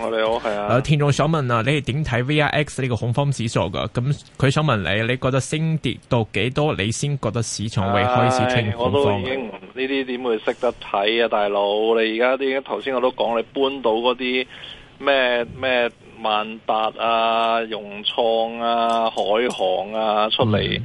我哋好係啊！有聽眾想問啊，你係點睇 VIX 呢個恐慌指數噶？咁佢想問你，你覺得升跌到幾多你先覺得市場會開始清？我都已經呢啲點會識得睇啊，大佬！你而家啲頭先我都講，你搬到嗰啲咩咩萬達啊、融創啊、海航啊出嚟，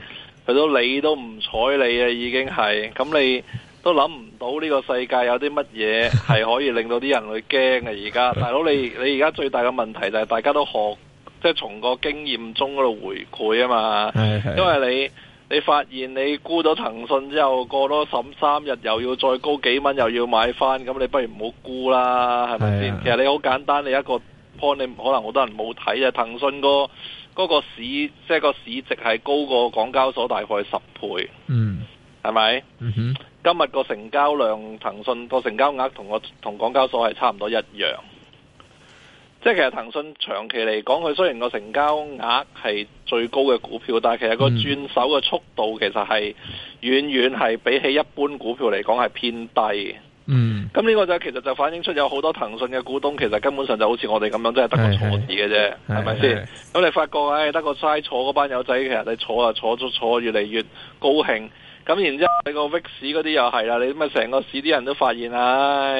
佢都、嗯、你都唔睬你啊，已經係咁你。都諗唔到呢個世界有啲乜嘢係可以令到啲人去驚嘅而家， 大佬你，你而家最大嘅問題就係大家都學，即係從個經驗中嗰度回饋啊嘛。 因為你你發現你沽咗騰訊之後，過多十三日又要再高幾蚊又要買翻，咁你不如唔好沽啦，係咪先？ 其實你好簡單，你一個 point，你可能好多人冇睇啊。騰訊嗰嗰個市即係個市值係高過港交所大概十倍，嗯，係咪吧？嗯哼。今日個成交量，騰訊個成交額同我同港交所係差唔多一樣。即係其實騰訊長期嚟講，佢雖然個成交額係最高嘅股票，但係其實個轉手嘅速度其實係遠遠係比起一般股票嚟講係偏低。嗯，咁呢個就其實就反映出有好多騰訊嘅股東，其實根本上就好似我哋咁樣，真係得個坐字嘅啫，係咪先？咁你發覺誒、哎，得個嘥坐嗰班友仔，其實你坐啊坐咗坐,坐，越嚟越高興。咁然之後，你個 Vix 嗰啲又係啦，你咁啊成個市啲人都發現，唉、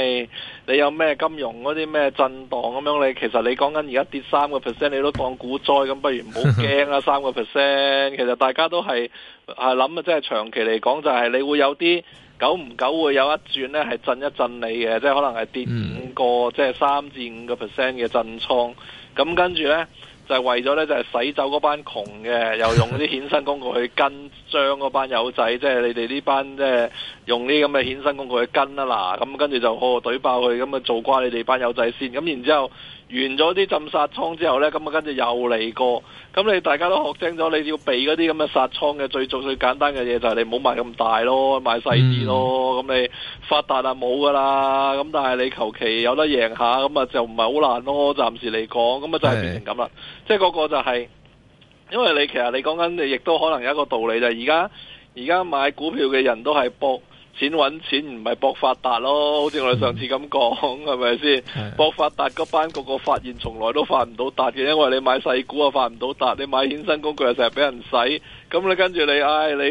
哎，你有咩金融嗰啲咩震盪咁樣，你其實你講緊而家跌三個 percent，你都當股災咁，不如唔好驚啊三個 percent。其實大家都係係諗啊，即係長期嚟講就係、是、你會有啲久唔久會有一轉咧，係震一震你嘅，即係可能係跌五個，嗯、即係三至五個 percent 嘅震倉。咁跟住咧。就係為咗咧，就係、是、洗走嗰班窮嘅，又用啲衍生工具去跟將嗰班友仔，即係 你哋呢班即係、就是、用呢啲咁嘅衍生工具去跟啊嗱，咁跟住就哦，對爆佢，咁啊做瓜你哋班友仔先，咁然之後。完咗啲浸殺倉之後呢，咁啊跟住又嚟過。咁你大家都學精咗，你要避嗰啲咁嘅殺倉嘅最最最簡單嘅嘢就係你唔好買咁大咯，買細啲咯。咁、嗯嗯、你發達啊冇噶啦。咁但係你求其有得贏下，咁啊就唔係好難咯。暫時嚟講，咁啊就係變成咁啦。是即係嗰個就係、是，因為你其實你講緊，你亦都可能有一個道理就係而家而家買股票嘅人都係博。錢搵錢唔係博發達咯，好似我哋上次咁講，係咪先？博發達嗰班個個發現從來都發唔到達嘅，因為你買細股啊發唔到達，你買衍生工具又成日俾人洗，咁你跟住你唉、哎、你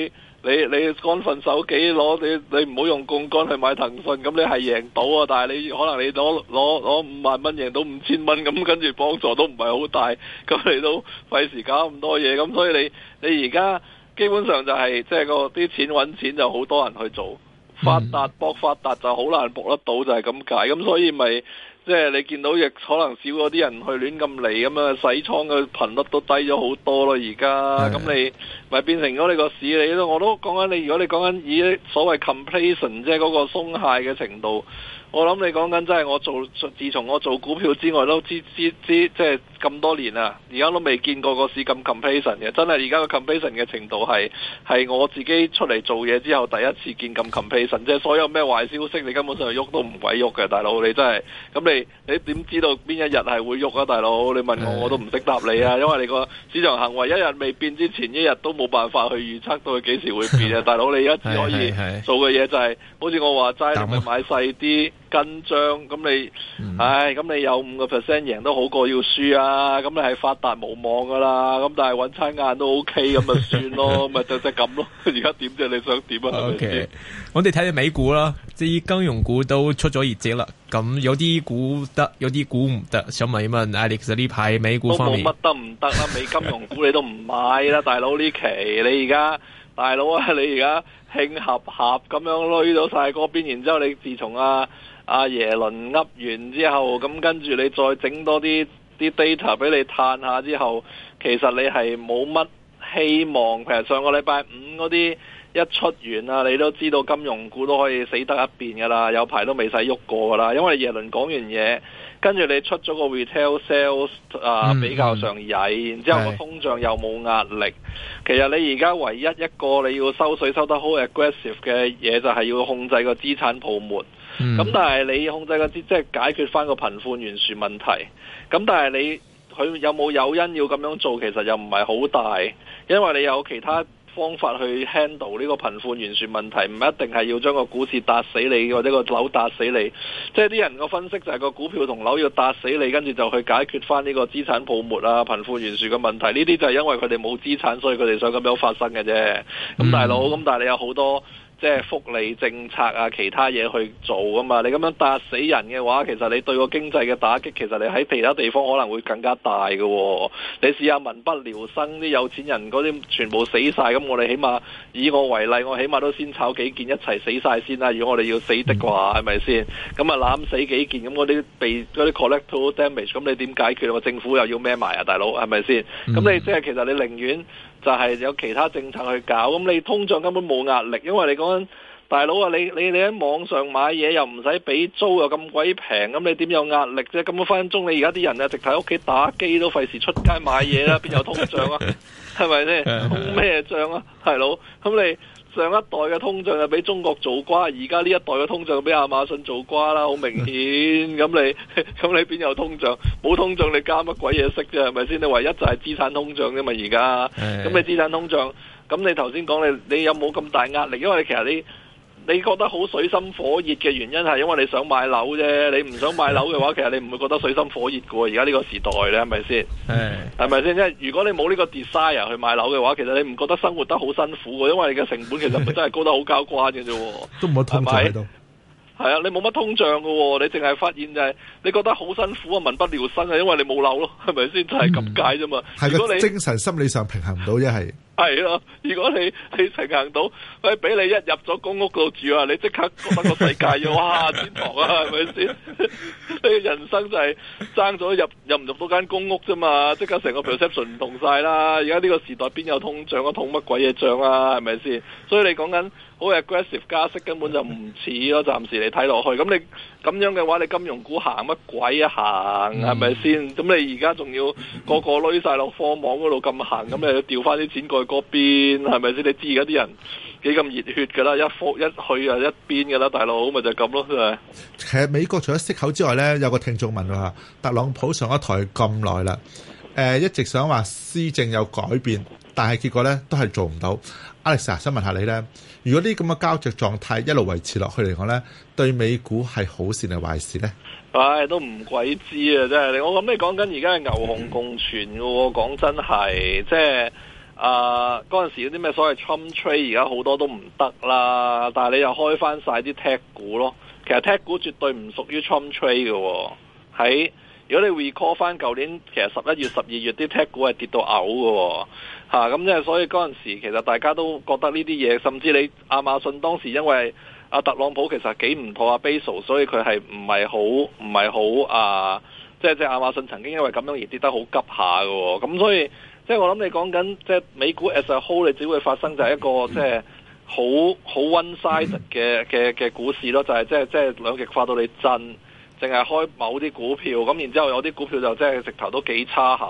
你你，你干份守己攞你你唔好用槓桿去買騰訊，咁你係贏到啊，但係你可能你攞攞攞五萬蚊贏到五千蚊，咁跟住幫助都唔係好大，咁你都費時搞咁多嘢，咁所以你你而家基本上就係即係個啲錢搵錢就好多人去做。嗯、發達搏發達就好難搏得到，就係咁解咁，所以咪即係你見到亦可能少咗啲人去亂咁嚟，咁啊，洗倉嘅頻率都低咗好多咯，而家咁你咪變成咗你個市理咯。我都講緊你，如果你講緊以所謂 complacent 即係嗰個鬆懈嘅程度，我諗你講緊即係我做，自從我做股票之外都知知知即係。咁多年啊，而家都未見過個市咁 compassion 嘅，真係而家個 compassion 嘅程度係係我自己出嚟做嘢之後第一次見咁 compassion 即係所有咩壞消息你根本上喐都唔鬼喐嘅，大佬你真係咁你你點知道邊一日係會喐啊，大佬你問我我都唔識答你啊，因為你個市場行為一日未變之前，一日都冇辦法去預測到佢幾時會變啊，大佬你而家只可以做嘅嘢就係、是，好似 我話齋，你係咪買細啲。緊張咁你，嗯、唉咁你有五個 percent 贏都好過要輸啊！咁你係發達無望噶啦，咁但係揾餐晏都 OK 咁咪算咯，咪 就就咁咯。而家點啫？你想點啊？OK，我哋睇下美股啦，至於金融股都出咗業績啦。咁有啲股得，有啲股唔得。想問一問 Alex，呢排美股方面都冇乜得唔得啦？美金融股你都唔買啦， 大佬呢期你而家，大佬啊你而家興合合咁樣累到晒嗰邊，然之後你自從啊。阿、啊、耶倫噏完之後，咁、嗯、跟住你再整多啲啲 data 俾你嘆下之後，其實你係冇乜希望。其實上個禮拜五嗰啲一出完啦、啊，你都知道金融股都可以死得一遍噶啦，有排都未使喐過噶啦。因為耶倫講完嘢，跟住你出咗個 retail sales 啊，嗯、比較上曳，然之後個通脹又冇壓力。的其實你而家唯一一個你要收水收得好 aggressive 嘅嘢，就係、是、要控制個資產泡沫。咁、嗯、但係你控制嗰，即係解決翻個貧富懸殊問題。咁但係你佢有冇誘因要咁樣做？其實又唔係好大，因為你有其他方法去 handle 呢個貧富懸殊問題，唔一定係要將個股市打死你，或者個樓打死你。即係啲人個分析就係個股票同樓要打死你，跟住就去解決翻呢個資產泡沫啊、貧富懸殊嘅問題。呢啲就係因為佢哋冇資產，所以佢哋想咁樣發生嘅啫。咁、嗯、大佬，咁但係你有好多。即係福利政策啊，其他嘢去做啊嘛！你咁樣打死人嘅話，其實你對個經濟嘅打擊，其實你喺其他地方可能會更加大嘅、哦。你試下民不聊生，啲有錢人嗰啲全部死晒，咁我哋起碼以我為例，我起碼都先炒幾件一齊死晒先啦。如果我哋要死的啩，係咪先？咁啊攬死幾件咁嗰啲被嗰啲 collateral damage，咁你點解決啊？政府又要孭埋啊，大佬係咪先？咁你、嗯、即係其實你寧願。就係有其他政策去搞，咁你通脹根本冇壓力，因為你講緊大佬啊，你你你喺網上買嘢又唔使俾租又咁鬼平，咁你點有壓力啫？咁分分鐘你而家啲人啊，直喺屋企打機都費事出街買嘢啦，邊有通脹啊？係咪 呢？ 通咩脹啊？大佬，咁你。上一代嘅通脹就俾中國做瓜，而家呢一代嘅通脹就俾亞馬遜做瓜啦，好明顯。咁 你咁你邊有通脹？冇通脹你加乜鬼嘢息啫，係咪先？你唯一就係資產通脹啫嘛，而家咁你資產通脹，咁你頭先講你你有冇咁大壓力？因為其實你。你覺得好水深火熱嘅原因係因為你想買樓啫，你唔想買樓嘅話，其實你唔會覺得水深火熱嘅。而家呢個時代咧，係咪先？係係咪先？即係如果你冇呢個 desire 去買樓嘅話，其實你唔覺得生活得好辛苦嘅，因為你嘅成本其實佢真係高得好交關嘅啫。 是是都冇通脹喺度，係啊，你冇乜通脹嘅，你淨係發現就係、是、你覺得好辛苦啊，民不聊生啊，因為你冇樓咯，係咪先？真係咁解啫嘛。嗯、如果你精神心理上平衡唔到，一係。係咯，如果你你成行到，佢俾你一入咗公屋度住啊，你即刻覺得個世界要哇天堂啊，係咪先？ 你人生就係爭咗入入唔入到間公屋啫嘛，即刻成個 perception 唔同晒啦。而家呢個時代邊有通脹啊，通乜鬼嘢漲啊，係咪先？所以你講緊好 aggressive 加息根本就唔似咯，暫時你睇落去咁你。咁樣嘅話，你金融股行乜鬼啊行，係咪先？咁你而家仲要個個攞晒落貨網嗰度咁行，咁你、嗯、調翻啲錢過去嗰邊，係咪先？你知而家啲人幾咁熱血噶啦，一貨一去就一邊噶啦，大佬咪就咁、是、咯，其實美國除咗息口之外呢，有個聽眾問啊，特朗普上咗台咁耐啦，誒、呃、一直想話施政有改變，但係結果呢，都係做唔到。Alexa， 想問下你呢。如果啲咁嘅膠著狀態一路維持落去嚟講呢，對美股係好事定係壞事呢？唉、哎，都唔鬼知啊！真係，我諗你講緊而家係牛熊共存嘅喎，講、嗯、真係，即係啊嗰時嗰啲咩所謂 trump trade 而家好多都唔得啦，但係你又開翻晒啲 tech 股咯，其實 tech 股絕對唔屬於 trump trade 嘅喎，喺。如果你 recall 翻舊年，其實十一月、十二月啲 tech 股係跌到嘔嘅、哦，嚇咁即係所以嗰陣時，其實大家都覺得呢啲嘢，甚至你亞馬遜當時因為阿、啊、特朗普其實幾唔妥阿、啊、Bezos，所以佢係唔係好唔係好啊，即係即係亞馬遜曾經因為咁樣而跌得好急下嘅、哦，咁、啊、所以即係、就是、我諗你講緊即係美股 as a whole，你只會發生就係一個即係好好 one-sided 嘅嘅嘅股市咯，就係即係即係兩極化到你震。淨係開某啲股票，咁然之後有啲股票就真係直頭都幾差下，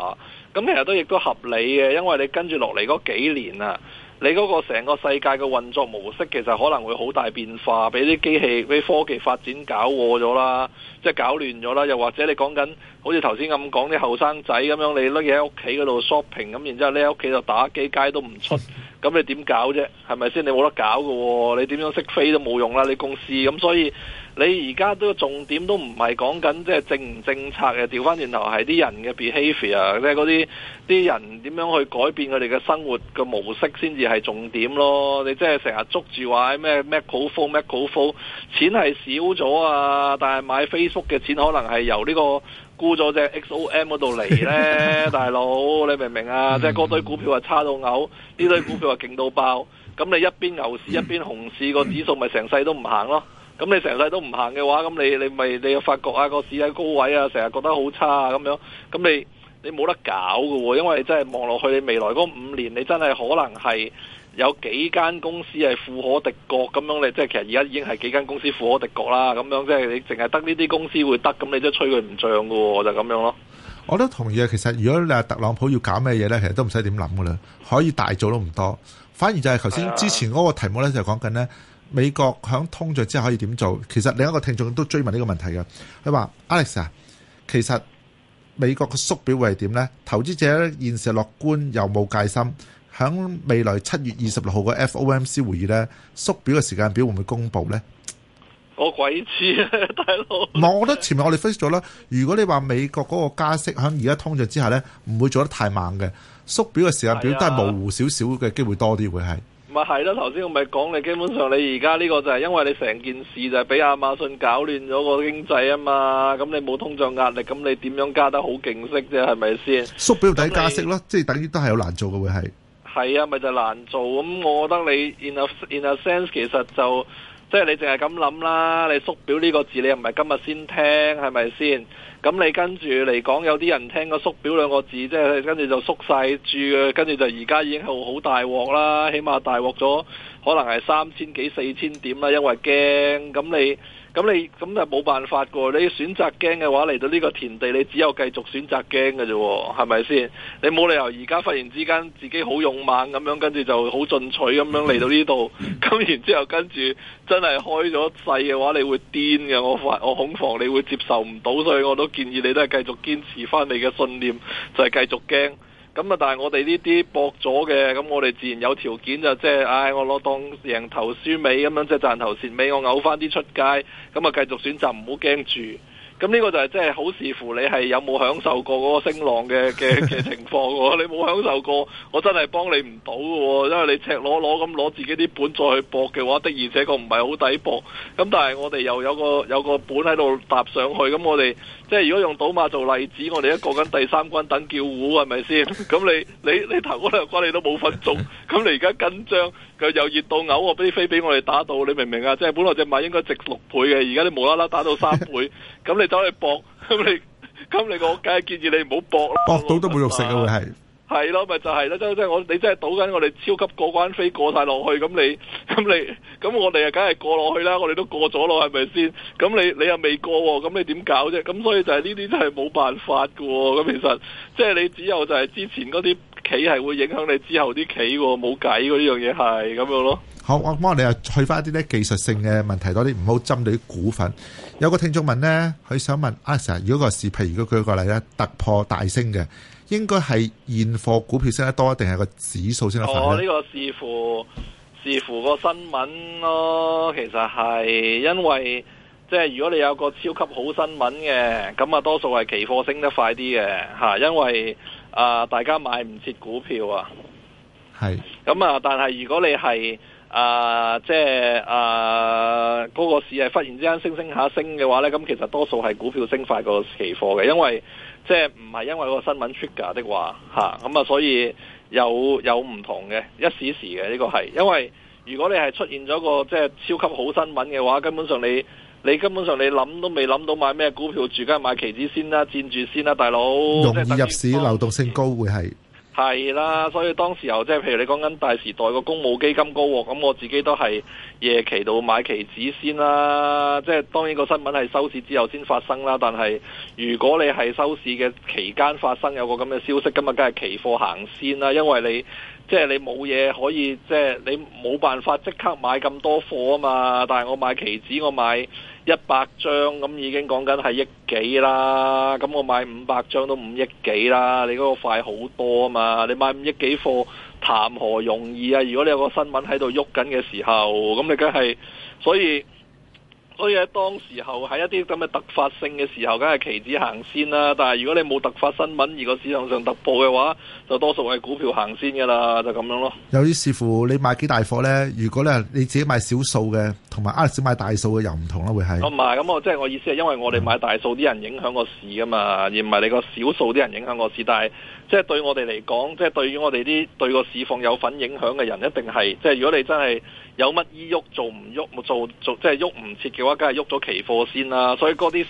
咁其實都亦都合理嘅，因為你跟住落嚟嗰幾年啊，你嗰個成個世界嘅運作模式其實可能會好大變化，俾啲機器、俾科技發展搞禍咗啦，即係搞亂咗啦。又或者你講緊好似頭先咁講啲後生仔咁樣，你甩嘢喺屋企嗰度 shopping，咁然之後你喺屋企就打機，街都唔出，咁你點搞啫？係咪先？你冇得搞嘅喎、哦，你點樣識飛都冇用啦！你公司咁，所以。你而家都重點都唔係講緊即係政唔政策嘅，調翻轉頭係啲人嘅 behavior 啊，即係嗰啲啲人點樣去改變佢哋嘅生活嘅模式先至係重點咯。你即係成日捉住話咩咩股風咩股風，for, for, 錢係少咗啊，但係買 Facebook 嘅錢可能係由個呢個沽咗隻 XOM 嗰度嚟呢，大佬，你明唔明啊？ 即係嗰堆股票係差到嘔，呢堆股票係勁到爆，咁你一邊牛市一邊熊市個指數咪成世都唔行咯？咁你成世都唔行嘅話，咁你你咪你又發覺啊個市喺高位啊，成日覺得好差咁樣，咁你你冇得搞嘅喎，因為真係望落去你未來嗰五年，你真係可能係有幾間公司係富可敵國咁樣，你即係其實而家已經係幾間公司富可敵國啦，咁樣即係你淨係得呢啲公司會得，咁你即係吹佢唔脹嘅喎，就咁樣咯。我都同意啊，其實如果你話特朗普要搞咩嘢咧，其實都唔使點諗嘅啦，可以大做都唔多，反而就係頭先之前嗰個題目咧的就講緊咧。美國響通脹之後可以點做？其實另一個聽眾都追問呢個問題嘅。佢話：Alex 啊，其實美國嘅縮表會係點咧？投資者咧現時樂觀又冇戒心，響未來七月二十六號嘅 FOMC 會議咧，縮表嘅時間表會唔會公布咧？我鬼知啊，大佬！唔係，我覺得前面我哋分析咗啦。如果你話美國嗰個加息響而家通脹之下咧，唔會做得太猛嘅。縮表嘅時間表都係模糊少少嘅機會多啲，會係。咪係咯，頭先我咪講你，基本上你而家呢個就係因為你成件事就係俾亞馬遜搞亂咗個經濟啊嘛，咁你冇通脹壓力，咁你點樣加得好勁息啫？係咪先縮表底加息咯，你即係等於都係有難做嘅會係。係啊，咪就難做咁，我覺得你 in a, in a sense 其實就。即係你淨係咁諗啦，你縮表呢個字你又唔係今日先聽係咪先？咁你跟住嚟講，有啲人聽個縮表兩個字，即係跟住就縮曬注，跟住就而家已經好好大鑊啦，起碼大鑊咗可能係三千幾四千點啦，因為驚咁你。咁你咁就冇辦法噶你選擇驚嘅話，嚟到呢個田地，你只有繼續選擇驚嘅啫，係咪先？你冇理由而家忽然之間自己好勇猛咁樣，跟住就好進取咁樣嚟到呢度，咁然之後跟住真係開咗世嘅話，你會癲嘅，我發我恐慌，你會接受唔到，所以我都建議你都係繼續堅持翻你嘅信念，就係繼續驚。咁啊！但係我哋呢啲博咗嘅，咁我哋自然有條件就即、是、係，唉、哎！我攞當贏頭輸尾咁樣，即係賺頭蝕尾，我嘔翻啲出街，咁啊繼續選擇唔好驚住。咁呢個就係即係好視乎你係有冇享受過嗰個聲浪嘅嘅嘅情況。 你冇享受過，我真係幫你唔到嘅。因為你赤裸裸咁攞自己啲本再去博嘅話，的而且確唔係好抵博。咁但係我哋又有個有個本喺度搭上去，咁我哋。即係如果用賭馬做例子，我哋一個緊第三關等叫胡 係咪先？咁你你你頭嗰兩關你都冇份中，咁你而家緊張佢又熱到嘔，我俾飛俾我哋打到，你明唔明啊？即係本來隻馬應該值六倍嘅，而家你無啦啦打到三倍，咁 你走去搏，咁你咁你我梗係建議你唔好搏啦，搏到都冇肉食啊會係。係咯，咪就係咯，即即我你真係賭緊我哋超級過關飛過晒落去，咁你咁你咁我哋啊，梗係過落去啦，我哋都過咗咯，係咪先？咁你你又未過喎，咁你點搞啫？咁所以就係呢啲真係冇辦法嘅喎。咁其實即係你只有就係之前嗰啲企係會影響你之後啲企喎，冇計喎，呢樣嘢係咁樣咯。好，我幫你啊，去翻一啲咧技術性嘅問題多啲，唔好針對啲股份。有個聽眾問咧，佢想問阿 Sir，常常如果個市譬如果舉個例咧突破大升嘅。應該係現貨股票升得多，定係個指數升得快呢？哦，呢個視乎視乎個新聞咯。其實係因為即係如果你有個超級好新聞嘅，咁啊多數係期貨升得快啲嘅吓，因為啊、呃、大家買唔切股票啊。係咁啊，但係如果你係啊、呃、即係啊嗰個市係忽然之間升升下升嘅話咧，咁其實多數係股票升快過期貨嘅，因為。即係唔係因為個新聞出 r 的話，嚇咁啊，嗯，所以有有唔同嘅一時時嘅呢，這個係，因為如果你係出現咗個即係超級好新聞嘅話，根本上你你根本上你諗都未諗到買咩股票住，梗係買期指先啦，佔住先啦，大佬。容易於入市流動性高會係。係啦，所以當時候即係，譬如你講緊大時代個公募基金高，咁我自己都係夜期度買期指先啦。即係當然個新聞係收市之後先發生啦。但係如果你係收市嘅期間發生有個咁嘅消息，今日梗係期貨行先啦。因為你即係、就是、你冇嘢可以，即、就、係、是、你冇辦法即刻買咁多貨啊嘛。但係我買期指，我買。一百張咁已經講緊係億幾啦，咁我買五百張都五億幾啦。你嗰個快好多啊嘛，你買五億幾貨談何容易啊？如果你有個新聞喺度喐緊嘅時候，咁你梗係所以。所以喺當時候喺一啲咁嘅突發性嘅時候，梗係期指行先啦。但係如果你冇突發新聞，而個市場上突破嘅話，就多數係股票行先噶啦，就咁樣咯。有啲視乎你買幾大貨咧。如果咧你自己買少數嘅，同埋啱先買大數嘅又唔同啦，會係。唔係，咁我即係我意思係，因為我哋買大數啲人影響個市噶嘛，而唔係你個少數啲人影響個市。但係即係對我哋嚟講，即係對於我哋啲對個市況有份影響嘅人，一定係即係如果你真係。有乜依喐做唔喐冇做做即係喐唔切嘅話，梗係喐咗期貨先啦。所以嗰啲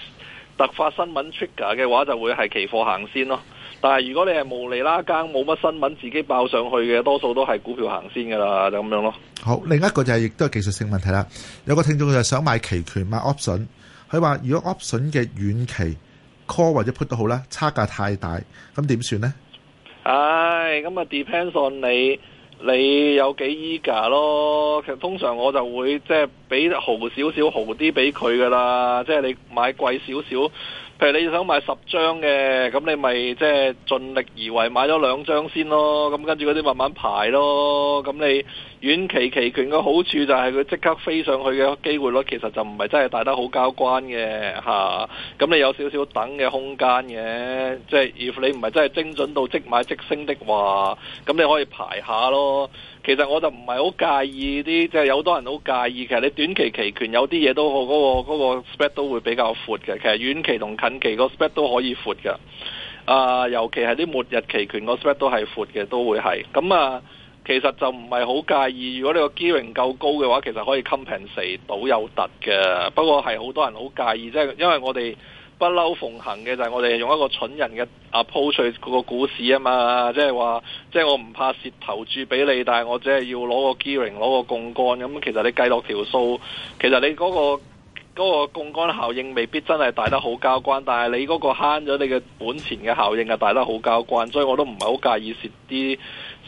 突發新聞 trigger 嘅話，就會係期貨行先咯。但係如果你係無厘啦更冇乜新聞自己爆上去嘅，多數都係股票行先噶啦，就咁樣咯。好，另一個就係、是、亦都係技術性問題啦。有個聽眾就想買期權買 option，佢話如果 option 嘅遠期 call 或者 put 得好啦，差價太大，咁點算呢？唉、哎，咁啊 depends on 你。你有幾依家咯？其實通常我就會即係俾豪少少豪啲俾佢㗎喇，即係你買貴少少。譬如你想買十張嘅，咁你咪即係盡力而為買咗兩張先咯。咁跟住嗰啲慢慢排咯。咁你。遠期期權嘅好處就係佢即刻飛上去嘅機會率其實就唔係真係大得好交關嘅吓，咁、啊、你有少少等嘅空間嘅，即係 if 你唔係真係精準到即買即升的話，咁你可以排下咯。其實我就唔係好介意啲，即、就、係、是、有好多人都好介意嘅。其實你短期期權有啲嘢都好、嗰個、嗰個 spread 都會比較闊嘅，其實遠期同近期個 spread 都可以闊嘅。啊，尤其係啲末日期權個 spread 都係闊嘅，都會係咁啊。其實就唔係好介意，如果你個 gearing 夠高嘅話，其實可以 compensate 到有突嘅。不過係好多人好介意，即係因為我哋不嬲奉行嘅就係我哋用一個蠢人嘅 approach 去估個股市啊嘛，即係話即係我唔怕蝕投注俾你，但係我只係要攞個 gearing，攞個槓桿咁。其實你計落條數，其實你嗰個嗰個槓桿效應未必真係大得好交關，但係你嗰個慳咗你嘅本錢嘅效應就大得好交關，所以我都唔係好介意蝕啲。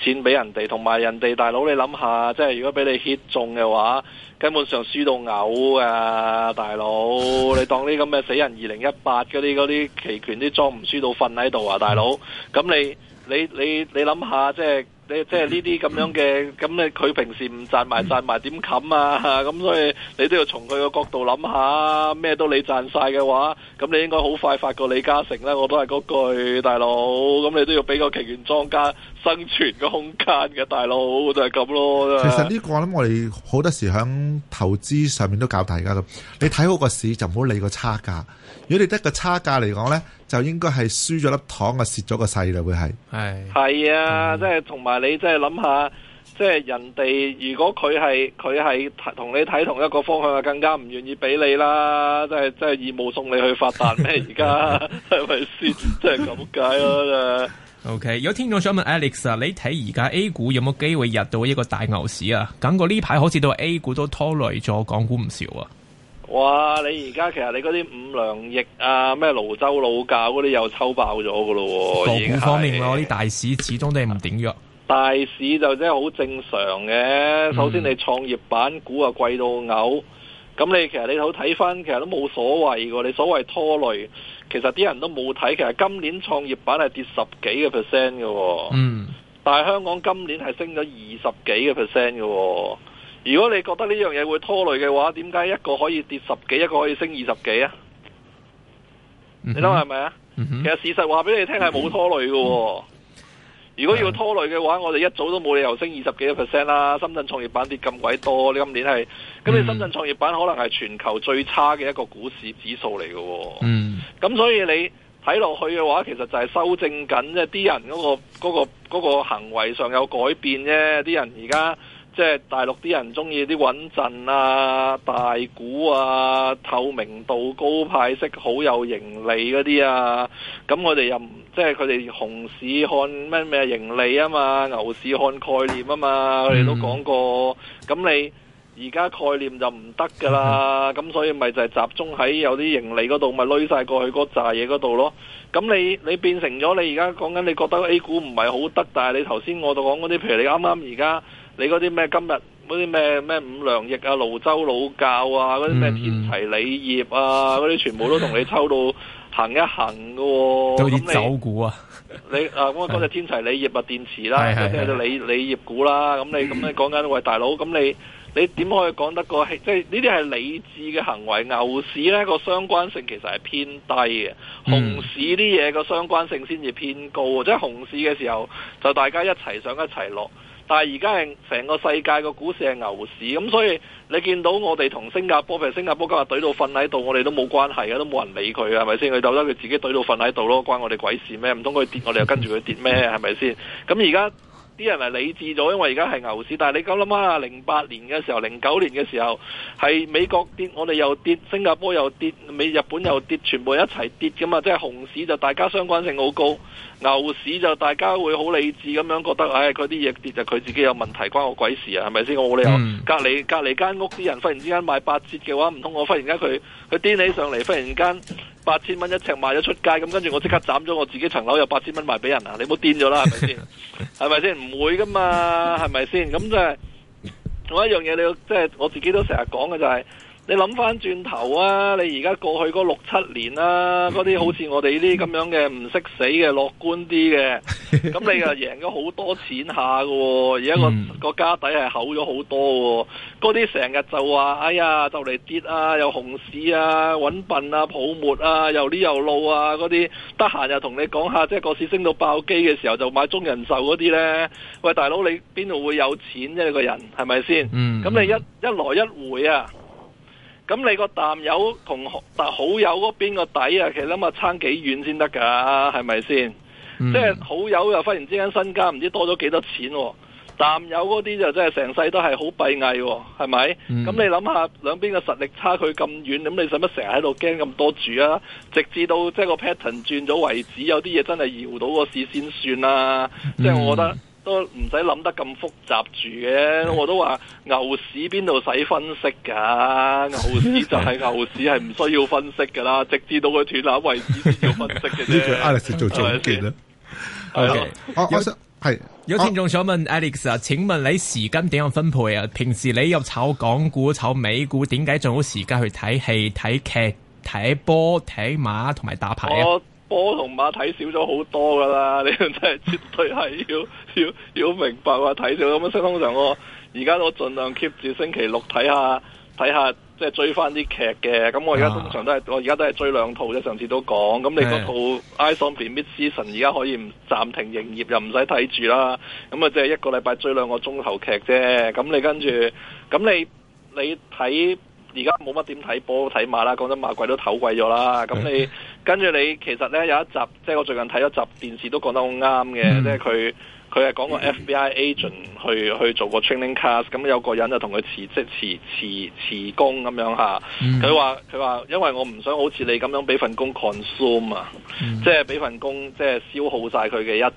錢俾人哋，同埋人哋大佬，你諗下，即係如果俾你 hit 中嘅話，根本上輸到嘔啊！大佬，你當呢咁嘅死人二零一八嗰啲嗰啲期權啲莊唔輸到瞓喺度啊！大佬，咁你你你你諗下，即係。你即係呢啲咁樣嘅，咁你佢平時唔賺埋賺埋點冚啊？咁所以你都要從佢個角度諗下，咩都你賺晒嘅話，咁你應該好快發過李嘉誠啦。我都係嗰句，大佬，咁你都要俾個期權莊家生存嘅空間嘅，大佬就係咁咯。其實呢個我諗我哋好多時響投資上面都教大家咁，你睇好個市就唔好理個差價。如果你得個差價嚟講咧，就應該係輸咗粒糖啊，蝕咗個勢啦，會係係係啊，即係同埋你即係諗下，即係人哋如果佢係佢係同你睇同一個方向，更加唔願意俾你啦，即係即係義務送你去發達咩？而家係咪先？即係咁解囉。OK，有聽眾想問 Alex 啊，你睇而家 A 股有冇機會入到一個大牛市啊？感覺呢排好似到 A 股都拖累咗港股唔少啊。哇！你而家其實你嗰啲五糧液啊、咩瀘州老窖嗰啲又抽爆咗噶咯喎！做股方面咯，啲大市始終都係唔點樣。大市就真係好正常嘅。首先你創業板股啊貴到嘔，咁、嗯、你其實你好睇翻，其實都冇所謂嘅。你所謂拖累，其實啲人都冇睇。其實今年創業板係跌十幾個 percent 嘅。嗯。但係香港今年係升咗二十幾個 percent 嘅。如果你覺得呢樣嘢會拖累嘅話，點解一個可以跌十幾，一個可以升二十幾啊？嗯、哼你諗係咪啊？嗯、哼其實事實話俾你聽係冇拖累嘅。嗯、哼如果要拖累嘅話，我哋一早都冇理由升二十幾個 percent 啦。深圳創業板跌咁鬼多，你今年係咁，嗯、你深圳創業板可能係全球最差嘅一個股市指數嚟嘅。嗯，咁所以你睇落去嘅話，其實就係修正緊啫，啲人嗰、嗰個嗰嗰、嗰個嗰個、個行為上有改變啫，啲人而家。即係大陸啲人中意啲穩陣啊、大股啊、透明度高派息、派息好有盈利嗰啲啊。咁我哋又唔，即係佢哋熊市看咩咩盈利啊嘛，牛市看概念啊嘛。我哋都講過，咁、嗯、你而家概念就唔得㗎啦。咁、嗯、所以咪就係集中喺有啲盈利嗰度，咪攞曬過去嗰扎嘢嗰度咯。咁你你變成咗你而家講緊，你覺得 A 股唔係好得，但係你頭先我度講嗰啲，譬如你啱啱而家。嗯你嗰啲咩今日嗰啲咩咩五糧液啊、瀘州老窖啊、嗰啲咩天齊鋰業啊、嗰啲、嗯、全部都同你抽到行一行嘅、哦，咁你走股啊？你啊咁啊隻天齊鋰業啊、是電池啦，即係啲鋰鋰業股啦。咁你咁、嗯、你講緊喂大佬，咁你你點可以講得過即係呢啲係理智嘅行為。牛市咧個相關性其實係偏低嘅，熊市啲嘢個相關性先至偏高。嗯、即係熊市嘅時候就大家一齊上一齊落。但係而家係成個世界個股市係牛市，咁所以你見到我哋同新加坡，譬如新加坡今日懟到瞓喺度，我哋都冇關係嘅，都冇人理佢啊，係咪先？佢就得佢自己懟到瞓喺度咯，關我哋鬼事咩？唔通佢跌，我哋又跟住佢跌咩？係咪先？咁而家。啲人係理智咗，因為而家係牛市。但係你講諗下，零八年嘅時候，零九年嘅時候，係美國跌，我哋又跌，新加坡又跌，美日本又跌，全部一齊跌㗎嘛！即係熊市就大家相關性好高，牛市就大家會好理智咁樣覺得，唉、哎，佢啲嘢跌就佢自己有問題，關我鬼事啊？係咪先？我冇理由隔籬隔籬間屋啲人忽然之間賣八折嘅話，唔通我忽然間佢？佢癲起上嚟，忽然間八千蚊一尺賣咗出街，咁跟住我即刻斬咗我自己層樓，又八千蚊賣俾人啊！你唔好癲咗啦，係咪先？係咪先？唔會噶嘛，係咪先？咁即係，仲有一樣嘢你要，即係我自己都成日講嘅就係。你諗翻轉頭啊！你而家過去嗰六七年啦、啊，嗰啲好似我哋呢啲咁樣嘅唔識死嘅樂觀啲嘅，咁你又贏咗好多錢下嘅、哦，而家個個家底係厚咗好多、哦。嗰啲成日就話：哎呀，就嚟跌啊，又熊市啊，搵笨啊，泡沫啊，又呢又路啊。嗰啲得閒又同你講下，即係個市升到爆機嘅時候，就買中人壽嗰啲呢。喂大，大佬你邊度會有錢啫、啊？這個人係咪先？咁你一一來一回啊！咁你個淡友同好好友嗰邊個底啊，其實諗下差幾遠先得噶，係咪先？嗯、即係好友又忽然之間身家唔知多咗幾多錢，淡友嗰啲就真係成世都係好閉翳，係咪？咁、嗯、你諗下兩邊嘅實力差距咁遠，咁你使乜成日喺度驚咁多住啊？直至到即係個 pattern 轉咗為止，有啲嘢真係搖到個市先算啦。嗯、即係我覺得。都唔使諗得咁複雜住嘅，我都話牛市邊度使分析噶，牛市就係牛市係唔需要分析噶啦，直至到佢斷崖位置，先要分析嘅呢 個 Alex 做總結啦。係咯，有係有聽眾想問 Alex 啊，請問你時間點樣分配啊？平時你又炒港股、炒美股，點解仲有時間去睇戲、睇劇、睇波、睇馬同埋打牌啊？波同馬睇少咗好多噶啦，你真係絕對係要 要要明白話睇少咁樣。通常我而家都盡量 keep 住星期六睇下睇下，即係追翻啲劇嘅。咁我而家通常都係、啊、我而家都係追兩套啫。上次都講咁，咁你嗰套《I Som B Mission》而家可以唔暫停營業，又唔使睇住啦。咁啊，即係一個禮拜追兩個鐘頭劇啫。咁你跟住，咁你你睇而家冇乜點睇波睇馬啦。講真，馬季都唞貴咗啦。咁你。 跟住你其實咧有一集，即係我最近睇咗集電視，都講得好啱嘅，即係佢。佢係講個 FBI agent 去、mm. 去做個 training class，咁有個人就同佢辭職辭辭辭、辭工咁樣嚇。佢話佢話，因為我唔想好似你咁樣俾份工 consume 啊、mm.，即係俾份工即係消耗晒佢嘅一切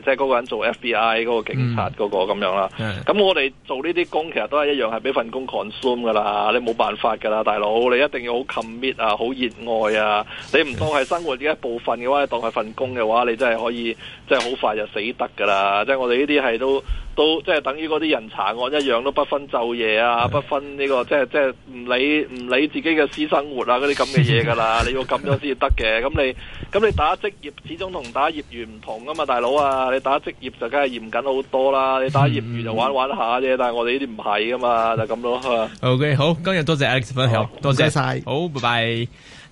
嘅，即係嗰個人做 FBI 嗰個警察嗰個咁樣啦。咁、mm. 我哋做呢啲工其實都係一樣，係俾份工 consume 噶啦。你冇辦法噶啦，大佬，你一定要好 commit 啊，好熱愛啊。你唔當係生活呢一部分嘅話，當係份工嘅話，你真係可以即係好快就死得噶啦。即係我哋呢啲係都都即係等於嗰啲人查案一樣，都不分晝夜啊， 不分呢、這個即係即係唔理唔理自己嘅私生活啊嗰啲咁嘅嘢噶啦。這這 你要咁樣先至得嘅。咁你咁你打職業始終同打業餘唔同啊嘛，大佬啊，你打職業就梗係嚴謹好多啦。你打業餘就玩玩下啫。但係我哋呢啲唔係噶嘛，就咁、是、咯。 OK，好，今日多謝，謝 Alex 分享，好多謝晒，謝謝好，拜拜。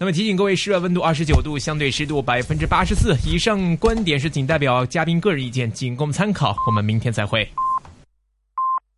那麼提醒各位，室外溫度二十九度，相對濕度百分之八十四。以上觀點是僅代表嘉賓個人意見，僅供參考。我們明天再會。